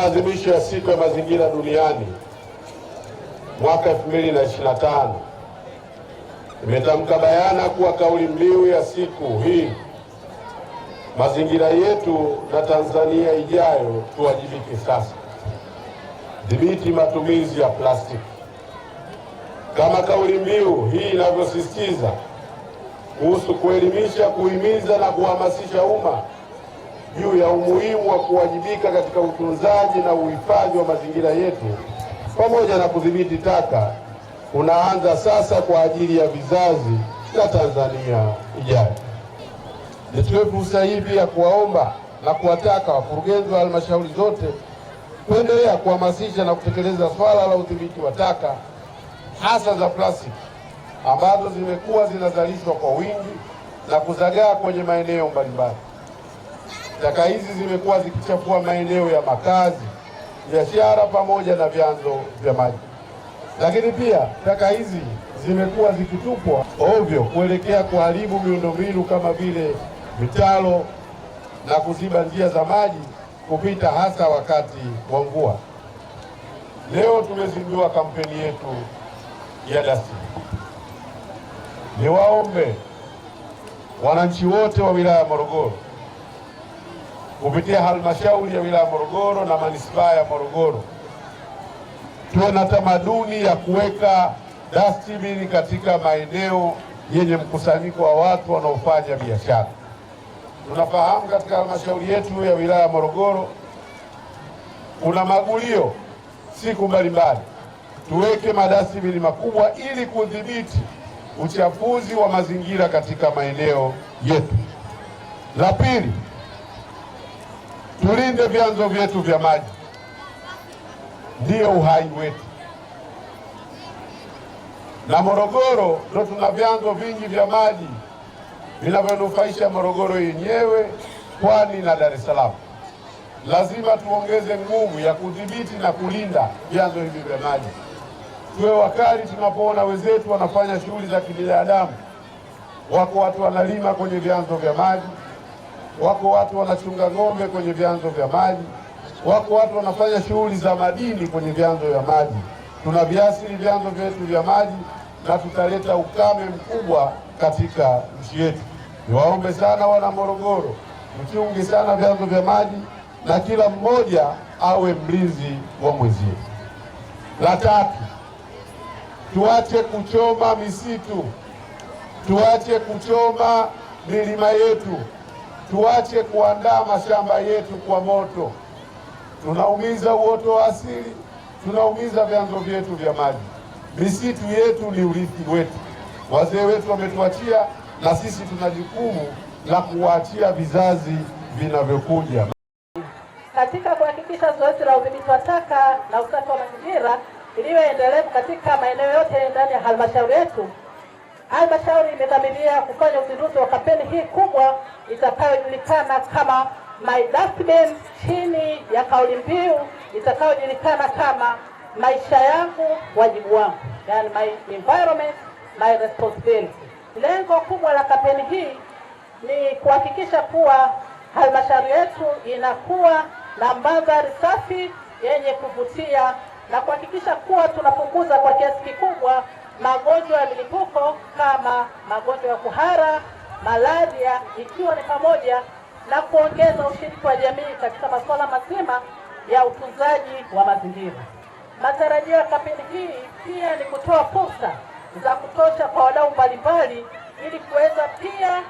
maadhimisho ya siku ya mazingira duniani mwaka 2025 imetamka bayana kuwa kauli mbiu ya siku hii mazingira yetu na Tanzania ijayo, tuwajibike sasa. Dhibiti matumizi ya plastiki. Kama kauli mbiu hii inavyosisitiza kuhusu kuelimisha, kuhimiza na kuhamasisha umma juu ya umuhimu wa kuwajibika katika utunzaji na uhifadhi wa mazingira yetu pamoja na kudhibiti taka unaanza sasa kwa ajili ya vizazi na Tanzania ijayo. Nichukue fursa hii pia kuwaomba na kuwataka wakurugenzi wa halmashauri zote kuendelea kuhamasisha na kutekeleza swala la udhibiti wa taka hasa za plastiki ambazo zimekuwa zinazalishwa kwa wingi na kuzagaa kwenye maeneo mbalimbali. Taka hizi zimekuwa zikichafua maeneo ya makazi, biashara pamoja na vyanzo vya maji. Lakini pia taka hizi zimekuwa zikitupwa ovyo kuelekea kuharibu miundombinu kama vile mitaro na kuziba njia za maji kupita hasa wakati wa mvua. Leo tumezindua kampeni yetu ya dasi. Niwaombe wananchi wote wa wilaya ya Morogoro kupitia halmashauri ya wilaya Morogoro na manispaa ya Morogoro, tuwe na tamaduni ya kuweka dastibini katika maeneo yenye mkusanyiko wa watu wanaofanya biashara. Tunafahamu katika halmashauri yetu ya wilaya ya Morogoro kuna magulio siku mbalimbali, tuweke madastbin makubwa ili kudhibiti uchafuzi wa mazingira katika maeneo yetu. La pili Tulinde vyanzo vyetu vya maji, ndiyo uhai wetu, na Morogoro ndo tuna vyanzo vingi vya maji vinavyonufaisha Morogoro yenyewe, Pwani na Dar es Salaam. Lazima tuongeze nguvu ya kudhibiti na kulinda vyanzo hivi vya maji, tuwe wakali tunapoona wenzetu wanafanya shughuli za kibinadamu. Wako watu wanalima kwenye vyanzo vya maji wako watu wanachunga ng'ombe kwenye vyanzo vya maji, wako watu wanafanya shughuli za madini kwenye vyanzo vya maji. Tuna viasili vyanzo vyetu vya maji na tutaleta ukame mkubwa katika nchi yetu. Niwaombe sana wana Morogoro, mchungi sana vyanzo vya maji na kila mmoja awe mlinzi wa mwenzie. La tatu, tuache kuchoma misitu, tuache kuchoma milima yetu. Tuache kuandaa mashamba yetu kwa moto, tunaumiza uoto wa asili, tunaumiza vyanzo vyetu vya maji. Misitu yetu ni urithi wetu, wazee wetu wametuachia, na sisi tuna jukumu la kuwaachia vizazi vinavyokuja. Katika kuhakikisha zoezi la udhibiti wa taka na usafi wa mazingira iliyoendelevu katika maeneo yote ndani ya halmashauri yetu. Halmashauri imedhamiria kufanya uzinduzi wa kampeni hii kubwa itakayojulikana kama My Dustbin chini ya kauli mbiu itakayojulikana kama maisha yangu wajibu wangu, yani my environment my responsibility. Lengo kubwa la kampeni hii ni kuhakikisha kuwa halmashauri yetu inakuwa na mandhari safi yenye kuvutia na kuhakikisha kuwa tunapunguza kwa kiasi kikubwa magonjwa ya milipuko kama magonjwa ya kuhara, malaria, ikiwa ni pamoja na kuongeza ushiriki wa jamii katika masuala mazima ya utunzaji wa mazingira. Matarajio ya kampeni hii pia ni kutoa fursa za kutosha kwa wadau mbalimbali ili kuweza pia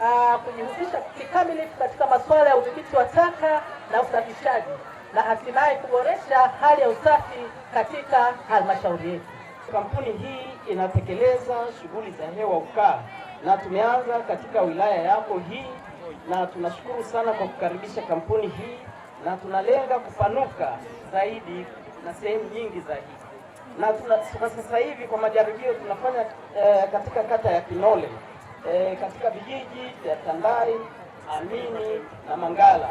uh, kujihusisha kikamilifu katika masuala ya udhibiti wa taka na usafishaji na hatimaye kuboresha hali ya usafi katika halmashauri yetu. Kampuni hii inatekeleza shughuli za hewa ukaa na tumeanza katika wilaya yako hii, na tunashukuru sana kwa kukaribisha kampuni hii, na tunalenga kupanuka zaidi na sehemu nyingi zaidi, na tuna sasa hivi kwa majaribio tunafanya eh, katika kata ya Kinole eh, katika vijiji vya Tandai, Amini na Mangala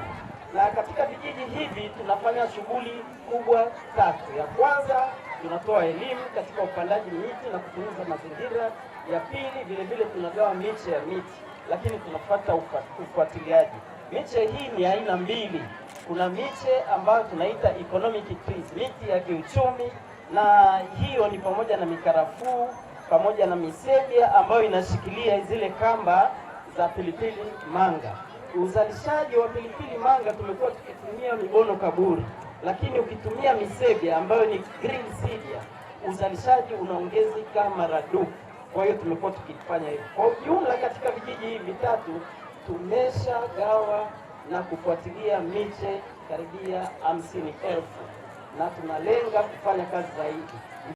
na katika vijiji hivi tunafanya shughuli kubwa tatu. Ya kwanza tunatoa elimu katika upandaji miti na kutunza mazingira. Ya pili, vilevile tunagawa miche ya miti, lakini tunafuata ufuatiliaji. Miche hii ni aina mbili, kuna miche ambayo tunaita economic trees, miti ya kiuchumi, na hiyo ni pamoja na mikarafuu pamoja na misebia ambayo inashikilia zile kamba za pilipili manga. Uzalishaji wa pilipili manga tumekuwa tukitumia mibono kaburi lakini ukitumia misebe ambayo ni green cilia, uzalishaji unaongezeka maradufu. Kwa hiyo tumekuwa tukifanya hivyo kwa ujumla. Katika vijiji hivi vitatu tumeshagawa na kufuatilia miche karibia hamsini elfu na tunalenga kufanya kazi zaidi.